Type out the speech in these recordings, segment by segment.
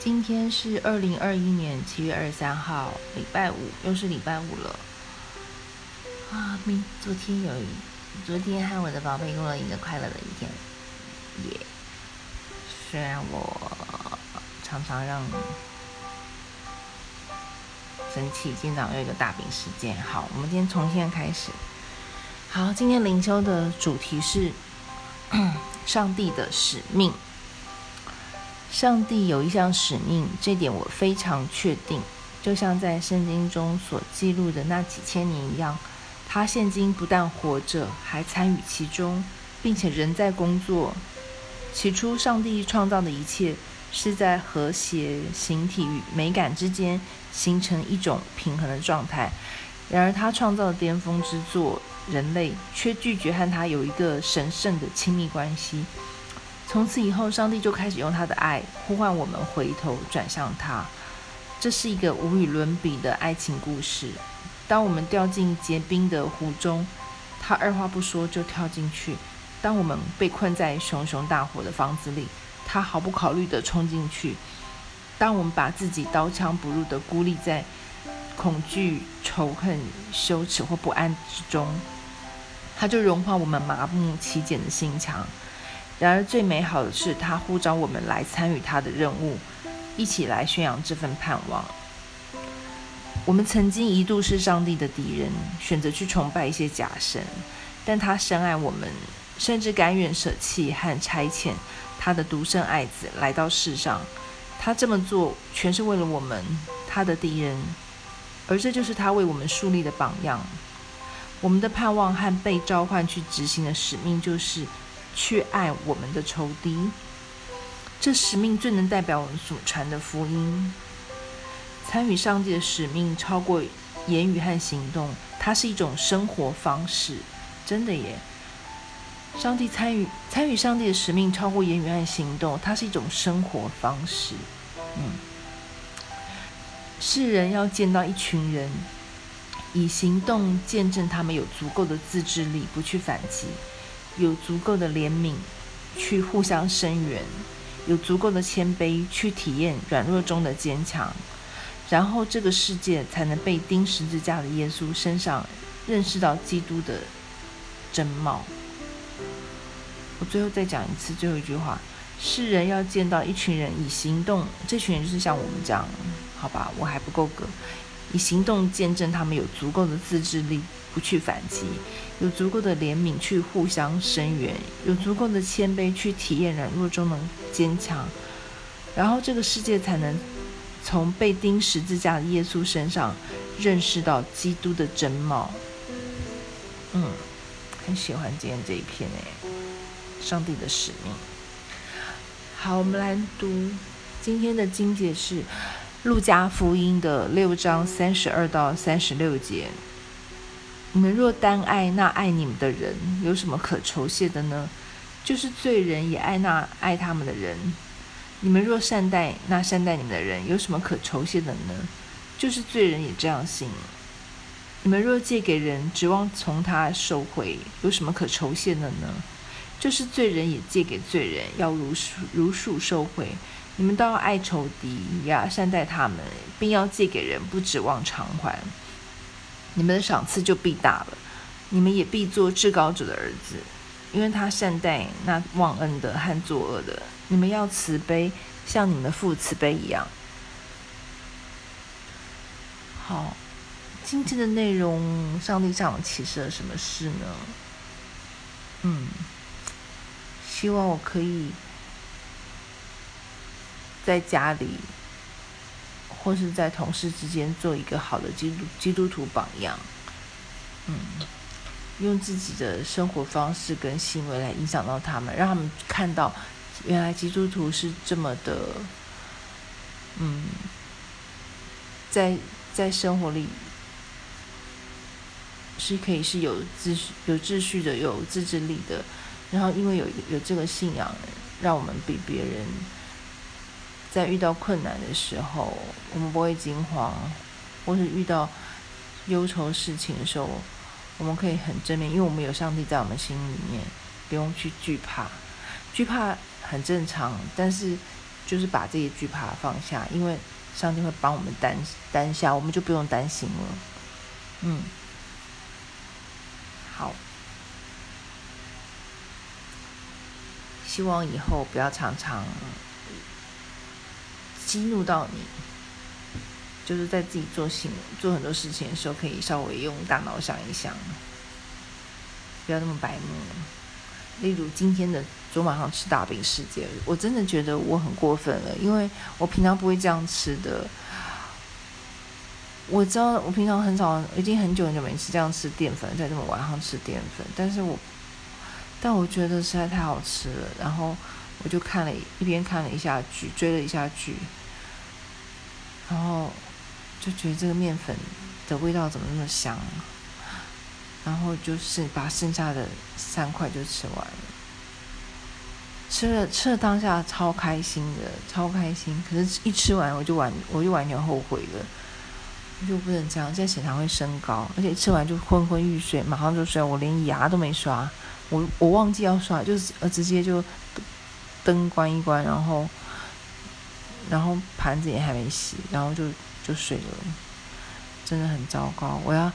今天是二零二一年七月二十三號，禮拜五，又是禮拜五了。啊，明，昨天有，一，昨天和我的寶貝過了一個快樂的一天。Yeah、雖然我常常讓你生氣，今早又一個大餅時間。好，我們今天重新開始。好，今天靈修的主題是上帝的使命。上帝有一項使命，這點我非常確定。就像在聖經中所記錄的那幾千年一樣，他現今不但活着，還參與其中，並且仍在工作。起初，上帝創造的一切是在和諧、形體與美感之間形成一種平衡的狀態。然而，他創造的巔峰之作——人類，卻拒絕和他有一個神聖的親密關係。從此以後，上帝就開始用他的愛呼喚我們回頭轉向他。這是一個無與倫比的愛情故事。當我們掉進結冰的湖中，他二話不說就跳進去；當我們被困在熊熊大火的房子裡，他毫不考慮地衝進去；當我們把自己刀槍不入地孤立在恐懼、仇恨、羞恥或不安之中，他就融化我們麻木、起繭的心牆。然而，最美好的是，他呼召我們來參與他的任務，一起來宣揚這份盼望。我們曾經一度是上帝的敵人，選擇去崇拜一些假神，但他深愛我們，甚至甘願捨棄和差遣他的獨生愛子來到世上。他這麼做全是為了我們，他的敵人。而這就是他為我們樹立的榜樣。我們的盼望和被召喚去執行的使命就是。去愛我們的仇敵，這使命最能代表我們所傳的福音。參與上帝的使命，超過言語和行動，它是一種生活方式，真的耶！上帝參與參與上帝的使命，超過言語和行動，它是一種生活方式。嗯，世人要見到一群人，以行動見證他們有足夠的自制力，不去反擊。有足夠的憐憫去互相聲援，有足夠的謙卑去體驗軟弱中的堅強，然後這個世界才能被釘十字架的耶穌身上認識到基督的真貌。我最後再講一次最後一句話：世人要見到一群人以行動，這群人就是像我們這樣，好吧？我還不夠格。以行動見證他們有足夠的自制力，不去反擊；有足夠的憐憫去互相聲援；有足夠的謙卑去體驗軟弱中的堅強。然後這個世界才能從被釘十字架的耶穌身上認識到基督的真貌。嗯，很喜歡今天這一篇誒，上帝的使命。好，我們來讀今天的經節是。路加福音的六章三十二到三十六節，你們若單愛那愛你們的人，有什麼可酬謝的呢？就是罪人也愛那愛他們的人。你們若善待那善待你們的人，有什麼可酬謝的呢？就是罪人也這樣行。你們若借給人，指望從他收回，有什麼可酬謝的呢？就是罪人也借給罪人，要如數如數收回。你們都要愛仇敵，也要善待他們，並要借給人，不指望償還，你們的賞賜就必大了。你們也必做至高者的兒子，因為他善待那忘恩的和作惡的。你們要慈悲，像你們的父慈悲一樣。好，今天的內容，上帝向我啟示了什麼事呢？嗯，希望我可以。在家裡，或是在同事之間做一個好的基督基督徒榜樣，嗯，用自己的生活方式跟行為來影響到他們，讓他們看到原來基督徒是這麼的，嗯，在在生活裡是可以是有秩序、有秩序的、有自制力的。然後，因為有有這個信仰，讓我們比別人。在遇到困難的時候，我們不會驚慌；或是遇到憂愁事情的時候，我們可以很正面，因為我們有上帝在我們心裡面，不用去懼怕。懼怕很正常，但是就是把這些懼怕放下，因為上帝會幫我們擔擔下，我們就不用擔心了。嗯，好，希望以後不要常常。激怒到你，就是在自己做行做很多事情的時候，可以稍微用大腦想一想，不要那麼白目。例如今天的昨天晚上吃大餅世界，我真的覺得我很過分了，因為我平常不會這樣吃的。我知道我平常很少，已經很久很久沒吃這樣吃澱粉，在這麼晚上吃澱粉，但是我，但我覺得實在太好吃了，然後，我就看了一邊看了一下劇，追了一下劇，然後就覺得這個麵粉的味道怎麼那麼香啊？然後就是把剩下的三塊就吃完了，吃了吃了當下超開心的，超開心。可是，一吃完我就完我就完全後悔了，就不能這樣，現在血糖會升高，而且吃完就昏昏欲睡，馬上就睡。我連牙都沒刷，我我忘記要刷，就是呃直接就。燈關一關，然後，然後盤子也還沒洗，然後就就睡了，真的很糟糕。我要，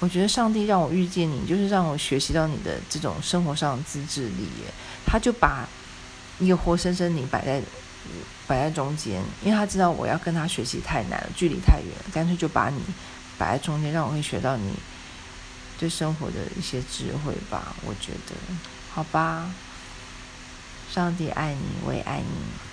我覺得上帝讓我遇見你，就是讓我學習到你的這種生活上的自制力耶。他就把一個活生生你擺在擺在中間，因為他知道我要跟他學習太難了，距離太遠，乾脆就把你擺在中間，讓我可以學到你對生活的一些智慧吧。我覺得，好吧。上帝愛你，我也愛你。